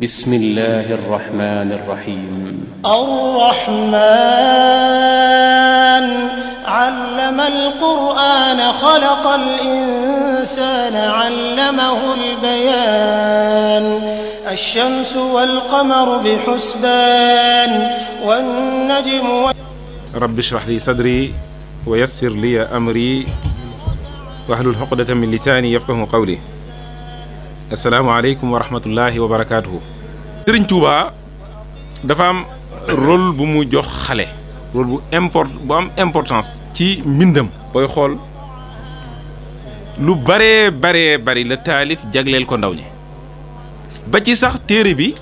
بسم الله الرحمن الرحيم الرحمن علم القرآن خلق الإنسان علمه البيان الشمس والقمر بحسبان والنجم و... رب اشرح لي صدري ويسر لي أمري وأهل الحقدة من لساني يفقه قولي السلام عليكم ورحمة الله وبركاته. سيرن توبا دا فام رول بومو جوخ خالي رول بو امبورت بو ام امبورتانس تي ميندم باي خول لو باري باري باري لا تاليف جاغليل كو ndawني با تي صاح تيري بي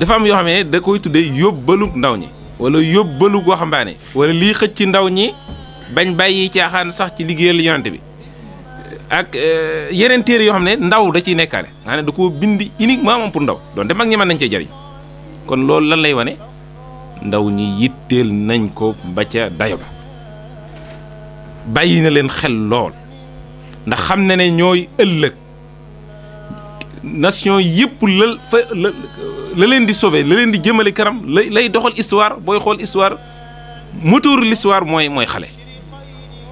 دا فام يو خامي دا كوي تودي يوبلو ndawني ولا يوبلو غو خامباني ولا لي خيتي ndawني باغ بايي تي خان تي ليغيل يونت بي ak euh, yeneen téere yoo xam ne ndaw da ciy nekkaale nga ne da ko bind uniquement moom pour ndaw donte mag ñi mën nañ cee jariñ kon loolu lan lay wane ndaw ñi yitteel nañ ko ba ca dayo ba bàyyi na leen xel lool ndax xam ne ne ñooy ëllëg nation yëpp la fa la leen di sauver la leen di jëmale kanam lay lay doxal histoire booy xool histoire moteur l'histoire mooy mooy xale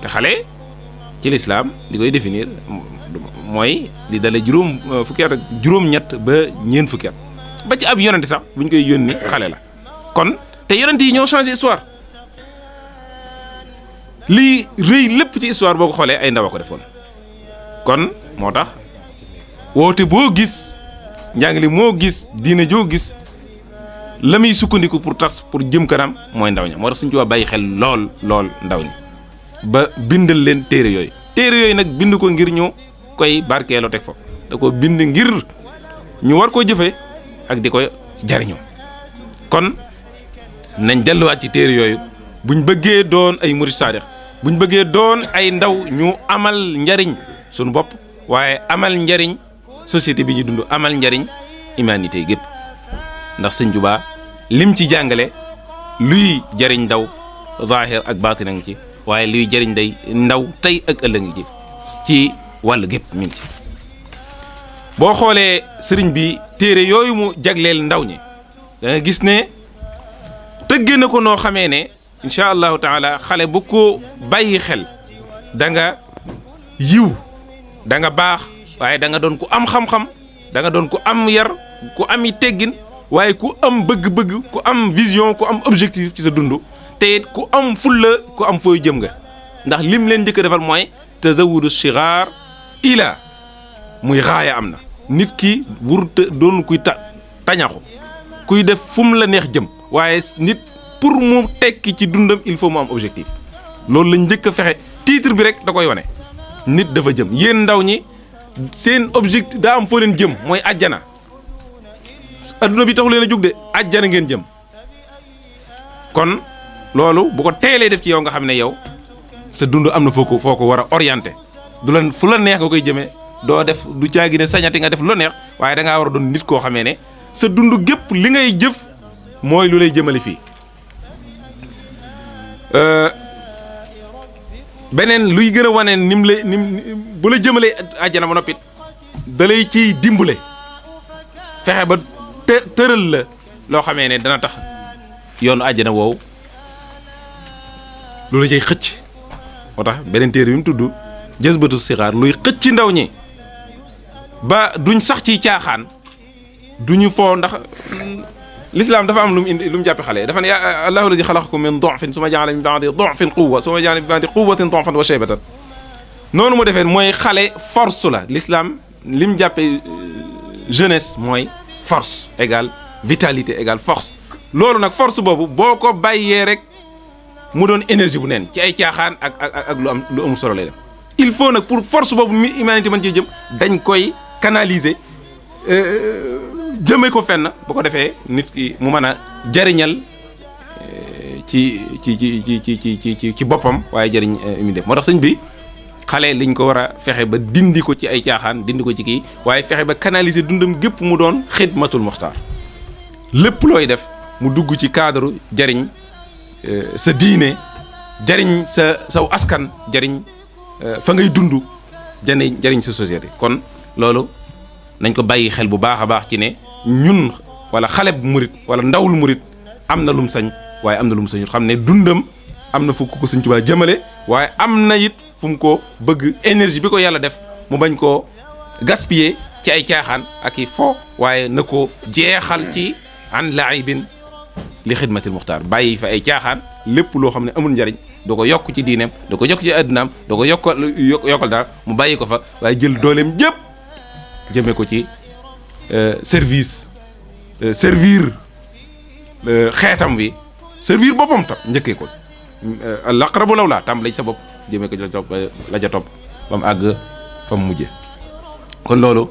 te xale ci lislaam li koy définir mooy li dale juróom euh, fukki at ak juróom-ñett ba ñeent fukki at ba ci ab yonente sax bu ñu koy yónni xale la kon te yonente yi ñoo changé histoire lii rëy lépp ci histoire boo ko xoolee ay ndaw ko defoon kon moo tax woote boo gis njàngale moo gis diina joo gis la muy sukkandiku pour tas pour jëm kanam mooy ndaw ña moo tax suñ ci waa bàyyi xel lool lool ndaw ñi ba bindal leen téere yooyu téere yooyu nag bind ko ngir ñu koy barkeeloo teg fa da ko bind ngir ñu war koo jëfe ak di ko jariñoo kon nañ delluwaat ci téere yooyu buñ bëggee doon ay murid saadix buñ bëggee doon ay ndaw ñu amal njariñ sunu bopp waaye amal njariñ société bi ñu dund amal njariñ humanité gépp ndax sëñ Tuubaa lim ci jàngale luy jariñ ndaw zahir ak baatin a ci waaye luy jëriñ day ndaw tey ak ëllëg ji ci wàll gépp mi boo xoolee sëriñ bi téere yooyu mu jagleel ndaw ñi da nga gis ne tëggee na ko noo xamee ne incha allahu taala xale bu ko bàyyi xel danga nga yiw da baax waaye danga doon ku am xam-xam da doon ku am yar ku am i teggin waaye ku am bëgg-bëgg ku am vision ku am objectif ci sa dund te ku am fulla ku am foo jëm nga ndax lim leen njëkk defal mooy tazawudu sigaar ila muy raaya am na nit ki wurut doon kuy ta tañaxu kuy def fum la neex jëm waaye nit pour mu tekki ci dundam il faut mu am objectif loolu lañ njëkk a fexe titre bi rek da koy wane nit dafa jëm yéen ndaw ñi seen objectif daa am foo leen jëm mooy ajjana adduna bi taxu leen a jóg de ajjana ngeen jëm loolu bu ko teelee def ci yow nga xam ne yow sa dund am na foo ko foo ko war a orienté du la fu la neex nga koy jëmee doo def du caagi ne sañati nga def la neex waaye da war a doon nit koo xamee ne sa dund gépp li ngay jëf mooy lu lay jëmale fii euh, beneen luy gën a wane nim la nim bu la jëmalee àjjana ba noppit da lay ciy dimbale fexe ba tëral la loo xamee ne dana tax yoonu àjjana woowu loolu cay xëcc moo tax beneen téere bi mu tudd jës bëtu sixaar luy xëcc ci ndaw ñi ba duñ sax ci caaxaan duñu foo ndax l'islam dafa am lu mu indi lu mu jàppe xale dafa ne yaa allahu allazi xalaqakum min dofin su ma jaxale min baadi dofin quwa su ma jaxale min baadi quwatin dofan wa shaybatan noonu mu defee mooy xale force la l'islam li mu jàppee euh, jeunesse mooy force égale vitalité egal force loolu nag force boobu boo ko bàyyee rek mu doon énergie bu neen ci ay caaxaan ak ak ak lu am lu amul solo lay dem il faut nag pour force boobu mi humanité mën cee jëm dañ koy canaliser euh, jëme ko fenn boo ko defee nit ki mu mën a jariñal euh, ci ci ci ci ci ci ci ci boppam waaye jëriñ mi euh, def moo tax sëñ bi xale liñ ko war a fexe ba dindi ko ci ay caaxaan dindi ko ci kii waaye fexe ba canaliser dundam gépp mu doon xidmatul muxtaar lépp looy def mu dugg ci cadre jëriñ Euh, sa diine jariñ sa saw askan jariñ euh, fa ngay dund jane jariñ sa société kon loolu nañ ko bàyyi xel bu baax a baax ci ne ñun wala xale bu murit wala ndawul murit am na lum sañ waaye am na lum sañut xam ne dundam am na fu ko Sëñ Tuubaa jëmale waaye am na it fum ko bëgg énergie bi ko yàlla def mu bañ koo gaspiller ci ay caaxaan aki i fo waaye na ko jeexal ci an laibin li xidmatil muxtaar bàyyi fa ay caaxaan lépp loo xam ne amul njariñ doo ko yokk ci diineem da ko yokk ci àddinaam da ko yokk yokkal daal mu bàyyi ko fa waaye jël dooleem jëpp jëme ko ci euh, service euh, servir euh, xeetam wi servir boppam tam njëkkee ko laqrabu law laa tàmbale sa bopp jëmee ko ja topp ba mu àgg fa mu mujje kon loolu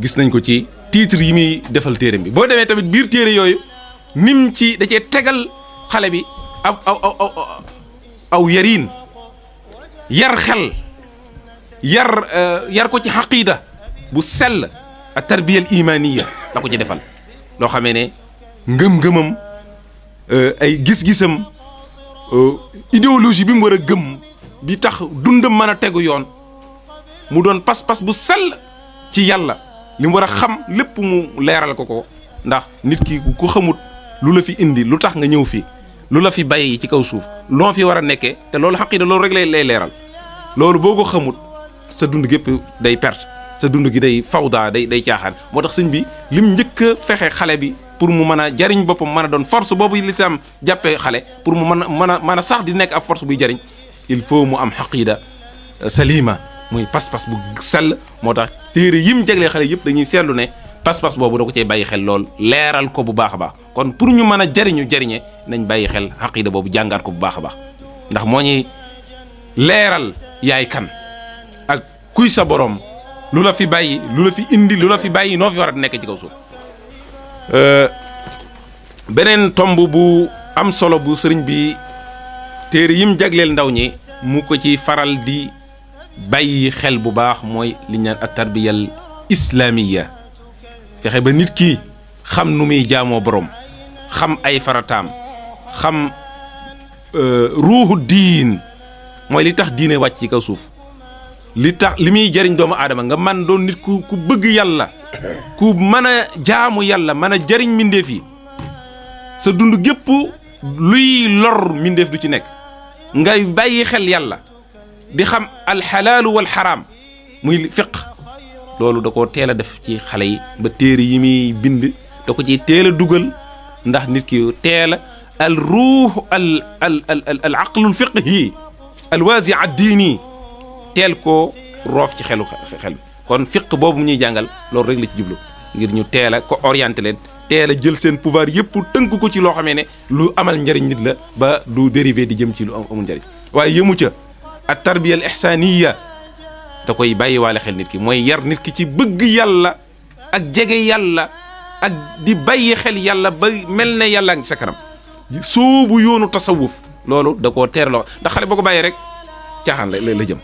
gis nañ ko ci titre yi muy defal téere bi boo demee tamit biir téere yooyu nim ci da cee tegal xale bi ab aw aw aw yariin yar xel yar euh, yar ko ci xaqiida bu sell ak tarbiyal imaniya la ko ci defal loo xamee ne ngëm-ngëmam euh, ay gis-gisam euh, idéologie bi mu war a gëm bi tax dundam mën a tegu yoon mu doon pas-pas bu sell ci yàlla li mu war a xam lépp mu leeral ko ko ndax nit ki ku xamut lu la fi indi lu tax nga ñëw fii lu la fi bàyyi ci kaw suuf loo fi war a nekkee te loolu xaqiida loolu rek lay lay leeral loolu boo ko xamut sa dund gépp day perte sa dund gi day fawda day day caaxaan moo tax sëñ bi lim njëkk fexe xale bi pour mu mën a jariñ boppam mën a doon force boobu li lislaam jàppee xale pour mu mën a mën a mën a sax di nekk ab force buy jariñ il faut mu am xaqiida euh, salima muy pas-pas bu sell moo tax téere yim jaglee xale yëpp dañuy seetlu ne pas-pas bobu do ko ci leral xel lol leral ko bu baakha kon pour ñu mëna jariñu jariñe nañ baye xel xaqida bobu jàngaat ko bu baakha a leral ndax moo ñuy yaay kan ak kuy sa borom lu la fi baye lu fi indi lula la fi baye no fi war nek ci kaw suuf euh, benen tombu bu am solo bu bi téré yim jaglél ndaw ñi mu ko ci faral di bàyyi xel bu baax moy li ñaan at tarbiyal islamiya fexe ba nit ki xam nu muy jaamoo borom xam ay faratam xam euh ruhu din moy li tax diine wàcc ci kaw suuf li tax li muy jëriñ doomu adama nga man doon nit ku ku bëgg yàlla ku mëna a jaamu yàlla mëna a mindeef yi sa dund gépp luy lor mindeef du ci nek ngay bàyyi xel yàlla di xam al halal wal haram muy loolu da ko teel a def ci xale yi ba téere yi muy bind da ko ci teel a dugal ndax nit ki teel a al ruux al al al al al fiqhi al waasi diini teel koo roof ci xelu xel kon fiq boobu mu ñuy jàngal loolu rek la ci jublu ngir ñu teel a ko orienté leen teel a jël seen pouvoir yëpp tënk ko ci loo xamee ne lu amal njariñ nit la ba du dérivé di jëm ci lu amul njariñ waaye yëmu ca at tarbiya al ihsaniya da koy bàyyiwaale xel nit ki mooy yar nit ki ci bëgg yàlla ak jege yàlla ak di bàyyi xel yàlla ba mel ne yàlla ngi sa kanam bu yoonu tasawuf loolu da koo teer la ndax xale boo ko bàyyi rek caaxaan la la jëm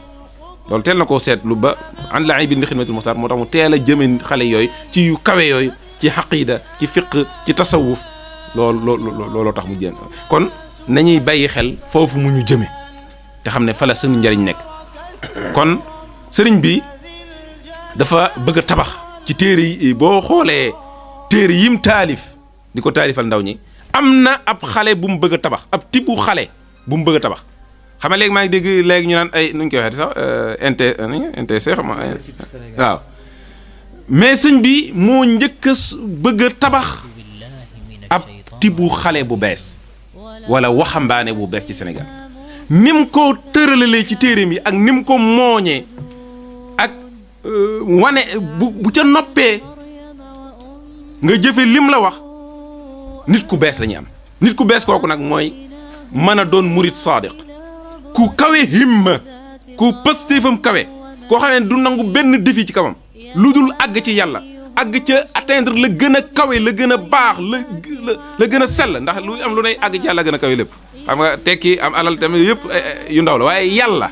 loolu teel na koo seetlu ba an la ay bind xidmatul muxtaar moo tax mu teel a jëme xale yooyu ci yu kawe yooyu ci xaqiida ci fiq ci tasawuf loolu looloo tax mu jëm kon nañuy bàyyi xel foofu mu ñu jëme te xam ne fa la suñu njëriñ nekk sëriñ bi dafa bëgg tabax ci téere yi eh, boo xoolee téere yim taalif di ko taalifal ndaw ñi am na ab xale bu mu bëgg tabax ab tibu xale bu bëgg tabax xam nga maa ngi dégg léegi ñu naan ay nu ñu int euh, intc mais sëñ bi moo njëkk bëgg tabax ab tibu xale bu bees wala waxambaane bu bees ci senegal ni mu ko tëralalee ci téere mi ak ni mu ko mooñee Euh, wane bu bu ca noppee nga jëfe lim la wax nit ku bees la am nit ku bees kooku nag mooy mën a doon murit saadiq ku kawe himma ku pëstéefam kawe koo xam du nangu benn défi ci kawam lu dul àgg ci yàlla àgg ca atteindre la gën a kawe la gën a baax la la gën a sell ndax lu am lu nay àgg ci yàlla gën a kawe lépp xam nga tekki am alal tamit yëpp eh, eh, yu ndaw la waaye yàlla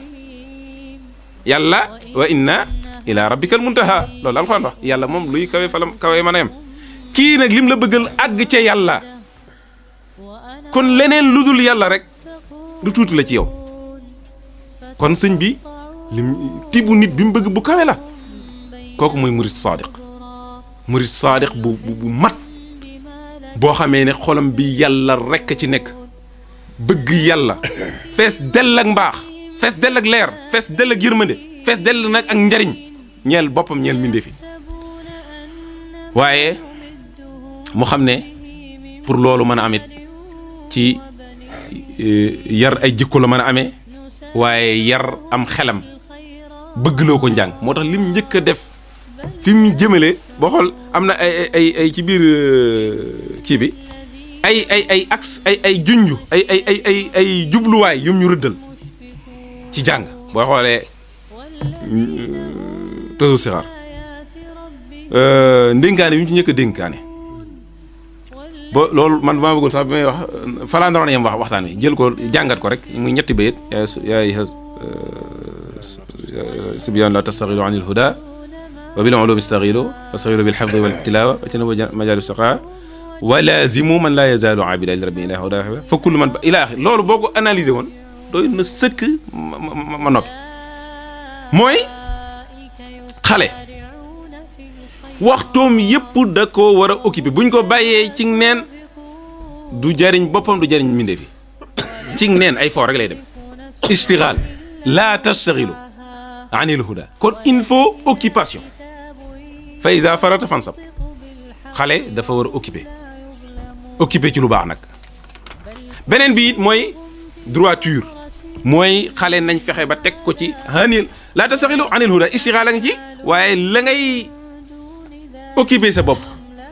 yàlla wa inna ila rabbikal muntaha loolu alxuraan wax yàlla moom luy kawe fa la kawe mën a yem kii nag lim la bëggal àgg ca yàlla kon leneen lu dul yàlla rek du tuuti la ci yow kon sëñ bi lim tibu nit bi mu bëgg bu kawe la kooku mooy murid saadiq murid saadiq bu bu mat boo xamee ne xolam bi yàlla rekk ci nekk bëgg yàlla fees dell ak mbaax fees dell ak leer fees dell ak yërmande fees dell nag ak njariñ ñeel boppam ñeel mbindeef yi waaye mu xam ne pour loolu mën a amit ci e, yar ay jikko la mën a ame waaye yar am xelam bëggloo ko njàng moo tax lim njëkk a def fi mu jëmale boo xool am na ay ay ay ci biir e, kii bi ay ay ay ay ay junj ay ay ay ay ay jubluwaay yum ñu rëddal ci jàng boo xoolee tasaw sixaar ndénkaane bi ñu ci njëkk a dénkaane ba loolu man maa bëggoon sax bi may wax falaa naroon yem wax waxtaan wi jël ko jàngat ko rek muy ñetti bayit yaay sibyan la tastaxilu an il huda wa bil ulum istaxilu fastaxilu bil xafdi wal tilawa wa tanabu majaalu saqa wa laazimu man laa yazaalu abida li rabbi ilaha huda fa kullu man ila axir loolu boo ko analysé woon doy na sëkk ma ma ma noppi mooy xale waxtoom yépp da ko war a occupé buñ ko bàyyee ci neen du jariñ boppam du jariñ minde fi ci neen ay for rek lay dem istighal la tastaxilu anil huda kon il faut occupation fa iza farata fansab xale dafa war a occupé occupé ci lu baax nag beneen bi it mooy droiture mooy xale nañ fexe ba teg ko ci hanil laa tastaxilu anil huda istixaala nga ci waaye la ngay occupé sa bopp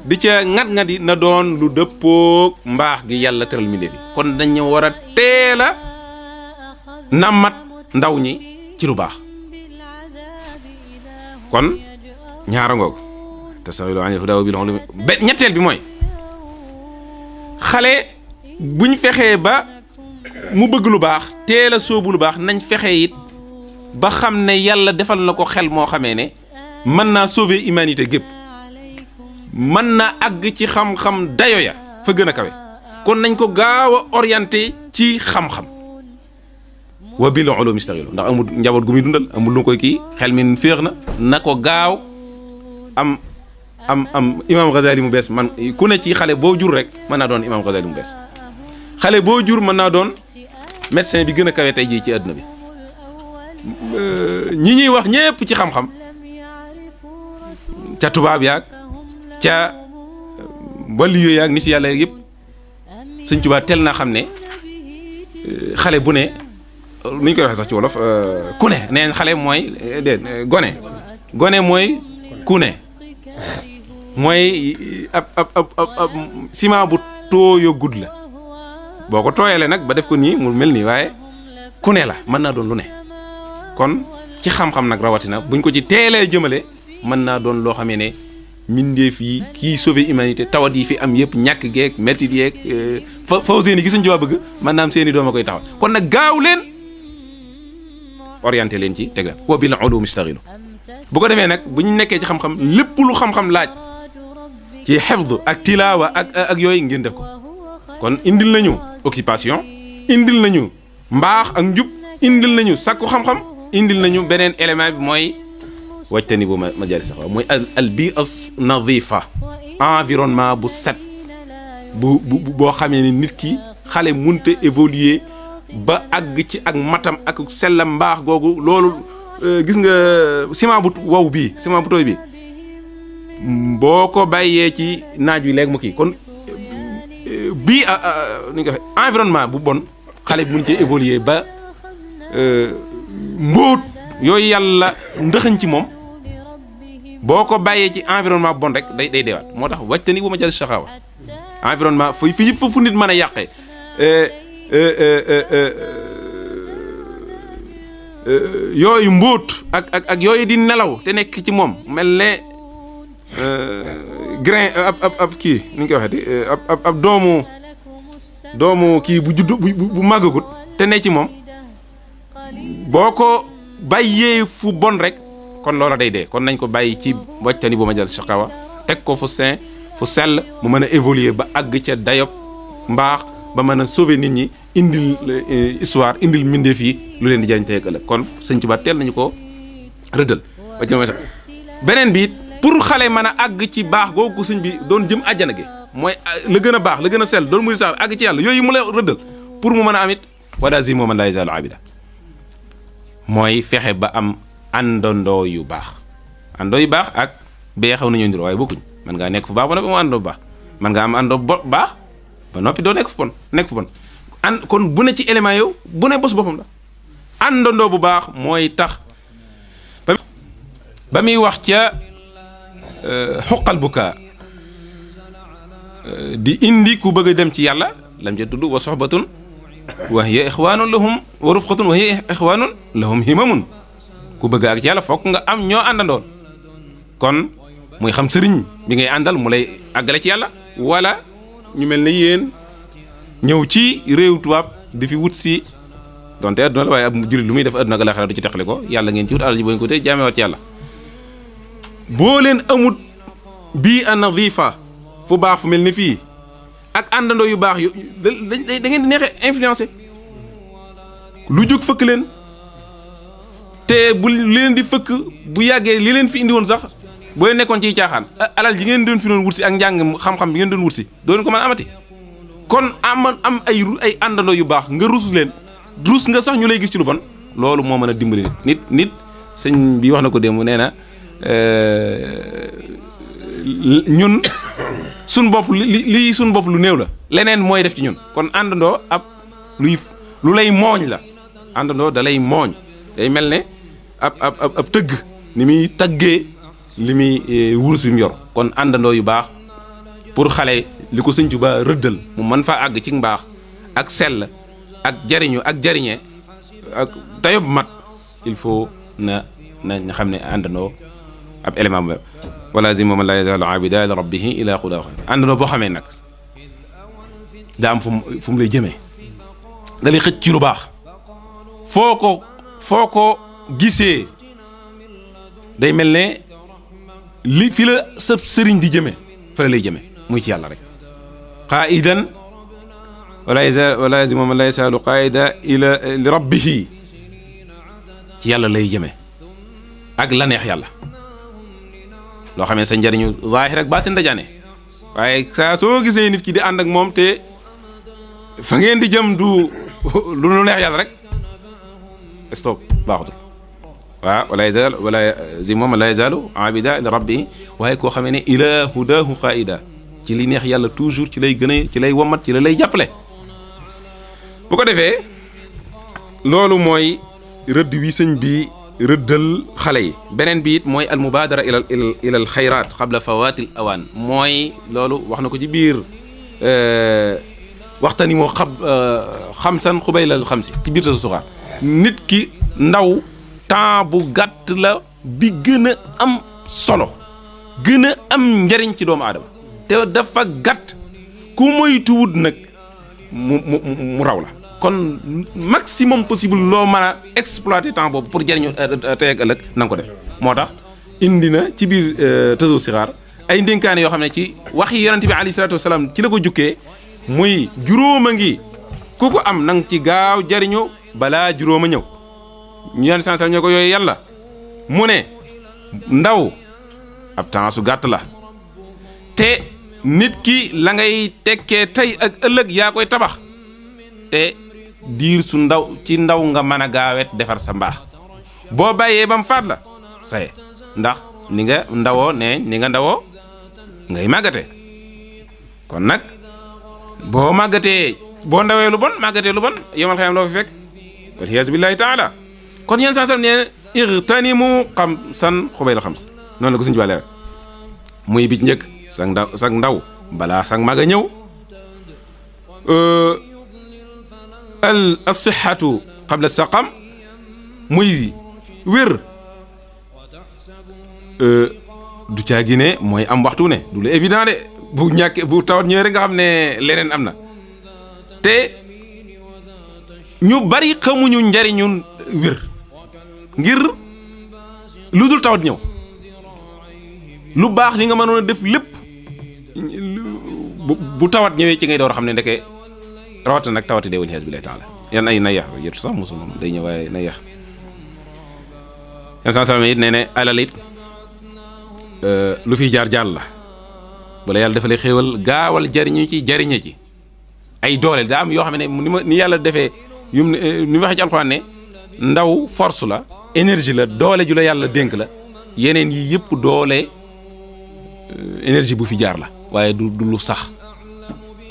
di ca ngat-ngat yi na doon lu dëppoog mbaax gi yàlla tëral mi kon dañu war a teel a ndaw ñi ci lu baax kon ñaara ngoog tastaxilu anil huda bil ñetteel bi mooy xale buñ fexee ba mu bëgg lu baax teel a sóobu lu baax nañ fexe it ba xam ne yàlla defal na ko xel moo xamee ne mën naa sauver humanité gépp mën naa àgg ci xam-xam dayo ya fa gën a kawe kon nañ ko gaaw a ci xam-xam wa bil ulum istaxilu ndax amul njaboot gu muy amul lu kii xel mi féex na na ko gaaw am am am imaam Ghazali mu bees man ku ne ci xale boo jur rek mën naa doon imaam Ghazali mu bees xale boo jur mën naa doon médecin bi gën a kawe tey jii ci àdduna bi ñi ñuy wax ñépp ci xam-xam ca tubaab yaag ca euh, waliyu yaag ni ci yàlla yëpp sëñ Tuubaa teel na xam ne euh, xale bu ne nu ñu koy waxee sax ci wolof euh, ku ne neen xale mooy déet gone gone mooy kune mooy ab ab ab ab ciment bu tooyo gudd la boo ko tooyalee nag ba def ko nii mu mel nii waaye ku ne la mën naa doon lu ne kon ci xam-xam nag rawatina buñ ko ci teelee jëmale mën naa doon loo xamee ne mindeef yi kii sauver humanité tawat yi fi am yëpp ñàkk geeg mettit yeeg euh, fa faw seen i gisuñ ci waa bëgg mën naa am seen i doom a koy taxawal kon nag gaaw leen orienté leen ci teg leen wa bil ulum istaxilu bu ko defee nag bu ñu nekkee ci xam-xam lépp lu xam-xam laaj ci xefdu ak tilaawa ak ak yooyu ngeen def ko kon indil nañu occupation indil nañu mbaax ak njub indil nañu sakk xam-xam indil nañu benen élément bi moy wajtani bu ma jari sax moy al bi'as nadhifa environnement bu set bu bu boo xamee ni nit ki xale munte évoluer ba ag ci ak matam ak selam bax googu lolou gis nga ciment bu waw bi ciment bu toy bi boko baye ci naaj wi leg mu ki kon bi ni nga environnement bu bon xale bi mun évoluer ba mbóot yooyu yàlla ndëxañ ci moom boo ko bàyyee ci environnement bon rek day day deewaat moo tax wàjtani bu ma jël saxaawa environnement fa fi yëpp fa fu nit mën a yàqee eh, eh, eh, yooyu mbóot ak ak ak yooyu di nelaw te nekk ci moom mel ne grain ab ab ab kii ni ñu koy waxeeti ab ab doomu doomu kii bu juddu bu bu màggagut te ne ci moom. boo ko bàyyee fu bon rek kon loola day dee kon nañ ko bàyyi ci wajtani boo ma jël shaqawa teg ko fu sain fu sell mu mën a évoluer ba àgg ca dayob mbaax ba mën a sauver nit ñi indil euh, histoire indil mbindeef yi lu leen di jariñ tey ëllëg kon sëñ ci ba teel nañu ko rëddal beneen biit pour xale mën a àgg ci baax googu sëñ bi doon jëm àjjana gi mooy euh, la gën a baax la gën a sell doon muri sax àgg ci yàlla yooyu mu lay rëddal pour mu mën a amit wala zi moo mën laa yazaalu abida moy fexé ba am andondo yu bax ando yu bax ak be xaw nañoo ndir way bokku man nga nek fu baax ba nopi mo ando bax man nga am ando bax ba nopi do nek fu bon nek fu bon an kon bu ne ci element yow bu ne bos bopam la andondo bu bax moy tax ba mi wax euh huqal buka euh, di indi ku bëgg dem ci yalla lam tuddu wa sohbatun wa hiya ixwaanun lahum wa rufqatun wa hiya ixwaanun lahum himamun ku bëgg ak ci yàlla fokk nga am ñoo àndandoon kon muy xam sëriñ bi ngay àndal mu lay àggale ci yàlla wala ñu mel ne yéen ñëw ci réew tuwaab di fi wut si donte adduna la waaye ab jullit lu muy def adduna ak laaxira du ci teqali ko yàlla ngeen ci wut alal ji boo ko te jaamewaat yàlla boo leen amut bii a nadifa fu baax fu mel ni fii ak àndandoo yu baax yu da da ngeen di neexee influencé lu jóg fëkk leen te bu li leen di fëkk bu yàggee li leen fi indi woon sax boo nekkoon ci caaxaan alal ji ngeen doon fi doon wutsi ak njàng xam-xam bi ngeen doon wutsi doo leen ko mën amati kon am am ay ay àndandoo yu baax nga rus leen rus nga sax ñu lay gis ci lu bon loolu moo mën a dimbali nit nit sëñ bi wax na ko démb nee na euh, ñun suñ bopp li lii suñ bopp lu néew la leneen mooy def ci ñun kon àndandoo ab luy lu lay mooñ la àndandoo dalay mooñ day mel ne ab ab ab tëgg ni muy tëggee li muy e, wurus bi mu yor kon àndandoo yu baax pour xale li ko sëñ Tuubaa rëddal mu mën faa àgg ci mbaax ak sell ak jariñu ak jariñe ak dayob mat il faut na na xam ne àndandoo ab élément bu wala zimma man laa yazaalu abida li rabbihi ilaa xudaa àndandoo boo xamee nag daa am fu mu fu mu lay jëmee da lay xëcc ci lu baax foo ko foo ko gisee day mel ne li fi la sa sëriñ di jëmee fa la lay jëmee muy ci yàlla rek qaidan wala yazal wala yazima man la yasalu qaida ila li rabbihi ci yàlla lay jëmee ak la neex yàlla lo xamé sa njariñu zahir ak batin dajane waye sa so gisé nit ki di ànd ak mom te fa ngeen di jëm du lu lu neex yàlla rek stop baaxutul wa wala yazal wala zi ma la yazalu abida ila rabbi waaye ko xamé ne ilahu dahu qaida ci li neex yàlla toujours ci lay gëne ci lay womat ci lay jàppale bu ko défé lolu moy rëdd wi sëñ bi ردل خلي بنن بيت موي المبادرة إلى إلى الخيرات قبل فوات الأوان موي لولو وحنا كجبير وقت نيم قب خمسة قبيل الخمسة كبير الصغار نت كي ناو تابو غات لا أم صلو gëna أم njariñ ci doomu adama te dafa gat مراولة kon maximum possible loo man a exploiter temps boobu pour jëriñu euh, euh, tey ak ëllëg na ko def moo tax indi na ci biir euh, tësoo sixaar ay ndénkaane yoo xam ne ci wax yi yonente bi alayhi salaatu wasalaam la ko jukkee muy juróom a ngi ku am na ci gaaw jëriñu balaa juróom a ñëw ñaan san ñoo ko yooyu yàlla mu ne ndaw ab temps su gàtt la te nit ki la ngay tekkee tey ak ëllëg yaa koy tabax te diir su ndaw ci ndaw nga mën a gaawet defar sa mbaax boo bàyyee ba mu faat la saye ndax ni nga ndawoo ne ni nga ndawoo ngay màggate kon nag boo màggatee boo ndawee lu bon màggatee lu bon yomal xayam loo fi fekk waliyaasu billaahi taala kon yéen saa sam nee igtanimu xamsan xubayl xams noonu la ko suñu bàlee rek muy bi ci njëkk sag ndaw balaa sag mag a ñëw euh, الصحة قبل السقم موي وير ا أه، دو تياغيني موي ام وقتو ني دو لي ايفيدان دي بو نياك بو تاوت نيو ريغا خامني لينن امنا تي ني بري خمو ني نجاري نون وير غير لودول تاوت نيو لو باخ ليغا مانو ديف ليب بو تاوت نيوي تي غاي دورو خامني ديكاي rawatina nag tawati dee wañu xees bi lay taala yan ay nayax yëtu sax mosuma day ñëw waaye nayax yan saa salaam it nee ne alal it euh, lu fiy jaar jaar la bala yàlla dafa lay gaawal jariñu ci jariñe ci ay doole daa am yoo xam ne ni ma ni yàlla defee yum euh, ni ma waxee ci ne ndaw force la énergie la doole ju la yàlla dénk la yeneen yii yëpp doole euh, énergie bu fi jaar la waaye du du lu sax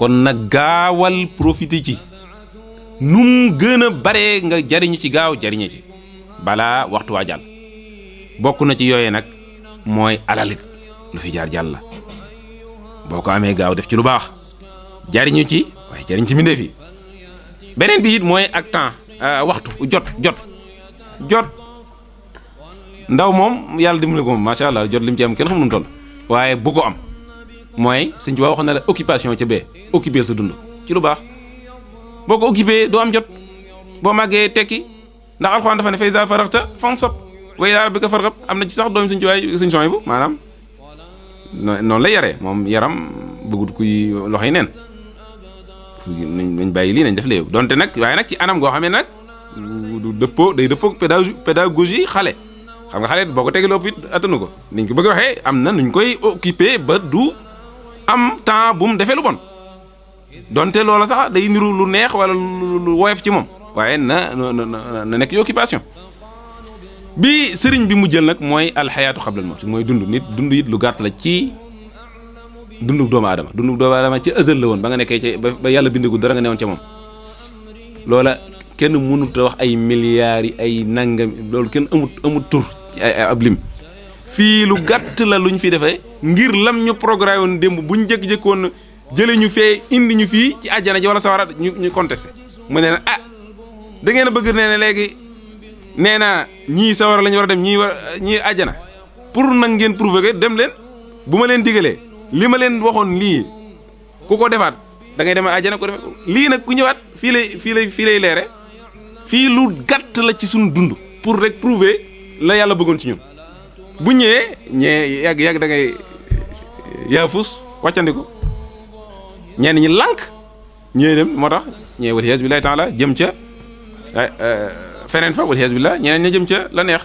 kon nag gaawal profité ci nu gën a bare nga jariñu ci gaaw jariñe ci balaa waxtu waa jàll bokk na ci yooye nag mooy alalit lu fi jaar jàll la boo ko amee gaaw def ci lu baax jariñu ci waaye jariñ ci mbindeef yi beneen bi it mooy ak temps euh, waxtu jot jot jot ndaw moom yàlla dimbali ko moom macha allah jot lim ci am kenn xam nu mu toll waaye bu ko am mooy sëñ Tuubaa waxoon na la occupation ci bee occuper sa dund ci lu baax boo ko occupé doo am jot boo màggee tekki ndax alxuraan dafa ne fa izaa faraxta fansab wa ilaa rabbika farxab am na ci sax doomi sëñ Tuubaa sëñ sooy bu maanaam noonu la yare moom yaram bëggut kuy loxo yi neen nañ bàyyi lii nañ def léegi donte nag waaye nag ci anam goo xam ne nag du dëppoo day dëppoo pédagogie xale xam nga xale boo ko tegee loo it attanu ko niñ ko bëgg waxee am na nuñ koy occupé ba du. am temps bu mu defee lu bon donte loola sax day niru lu neex wala lu woyof ci moom waaye na na na nekk occupation bi sëriñ bi mu jël nag mooy alxayaatu xablal mawt mooy dund nit dund it lu gàtt la ci dundu doomu aadama dundu doomu aadama ci ësël la woon ba nga nekkee ci ba yàlla bindagul dara nga newoon ca moom loola kenn mënut a wax ay milliards yi ay nangam loolu kenn amut amut tur ci ab lim. fii lu gàtt la luñ fi defee ngir lam ñu programme woon démb buñ jékki-jékki woon jëlee ñu fee indi ñu fii ci àjjana ji wala sawara ñu ñu contesté mu ne ah da ngeen a bëgg nee na léegi nee naa ñii sawara la ñu war a dem ñii war ñii àjjana pour nag ngeen prouver dem leen bu ma leen digalee li ma leen waxoon lii ku ko defaat dangay ngay dem àjjana ko defaat lii nag ku ñëwaat fii lay fii lay fii lay leere fii lu gàtt la ci suñu dund pour rek prouver la yàlla bëggoon ci ñun. bu ñëwee ñee yàgg yàgg da ngay yaafus wàccandiku ñenn ñi lànk ñee dem moo tax ñee bi iyaazu billaahi la jëm ca feneen fa wal bi la ñeneen ña jëm ca la neex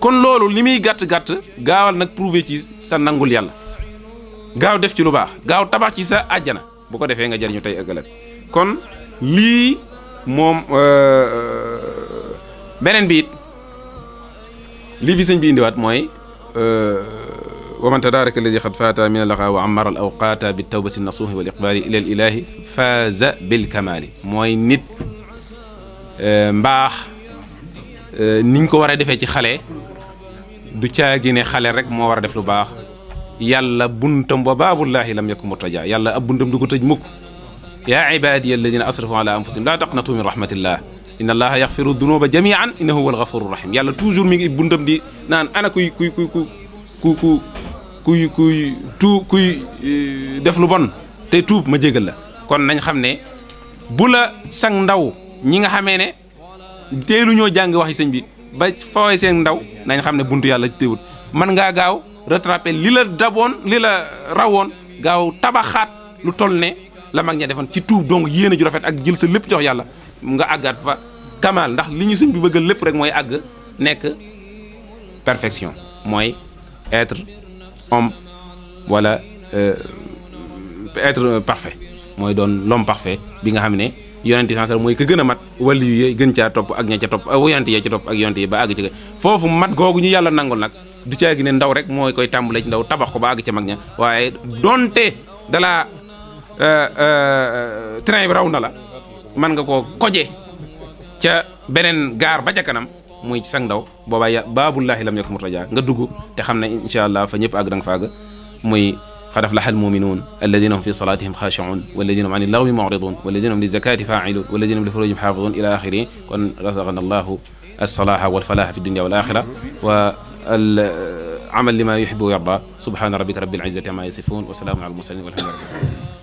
kon loolu li muy gàtt gàtt gaawal nag prouver ci sa nangul yàlla gaaw def ci lu baax gaaw tabax ci sa àjjana bu ko defee nga jëriñu tey ëgg kon lii moom euh, euh, beneen bi it lii fi sëñ bi indiwaat mooy أه، ومن تدارك الذي قد فات من اللغة وعمر الاوقات بالتوبه النصوح والاقبال الى الاله فاز بالكمال موي نيت أه، مباخ أه، نين كو وارا ديفي سي خالي دو تياغي خالي رك مو وارا ديف لو باخ يالا بونتم باب الله لم يكن مرتجا يالا ابونتم دوغو تاج موك يا عبادي الذين اسرفوا على انفسهم لا تقنطوا من رحمه الله inna allaha yaxfiru dunuba jamian innahu huwa alxafuru rahim yàlla toujours mi ngi buntam di naan ana kuy kuy kuy ku ku ku kuy kuy tu kuy e, def lu bon te tuub ma jégal la kon nañ xam ne bu la sang ndaw ñi nga xamee ne teelu ñoo jàng waxi sëñ bi ba fawee seen ndaw nañ xam ne buntu yàlla teewut man ngaa gaaw rattrapé li la daboon li la rawoon gaaw tabaxaat lu toll ne la mag ña defoon ci tuub donc yéene ju rafet ak jël sa lépp jox yàlla nga agat fa kamal ndax li ñu sëñ bi bëggal lépp rek moy ag nek perfection moy être homme wala euh, être parfait moy don l'homme parfait bi nga xamné ne yonent moy mooy gëna mat wali yu gën ci topp ak ña ca topp euh, yonent yee ci topp ak yonent yi ba ag ci fofu mat gogu ñu yalla nangul nak du ci gi ne ndaw rek moy koy tàmbalee ci ndaw tabax ko ba magña waye donté ña la euh euh train bi raw na la mën nga koo koje ca beneen gaar ba ca kanam muy sang daw boobaa ya baabullaahi lam yakun murtajaa nga dugg te xam ne incha allah fa ñëpp àgg da nga fa àgg muy qad aflaha almuminuun alladina hum fi salatihim xaashicuun walladina hum ani lagwi mucriduun walladina hum li zakati faaciluun walladina hum li furujihim xaafiduun ila axiri kon razaqana allahu alsalaha walfalaha fi dunia wal axira wa العمل لما يحب ويرضى سبحان ربك رب العزة عما يصفون وسلام على المرسلين والحمد لله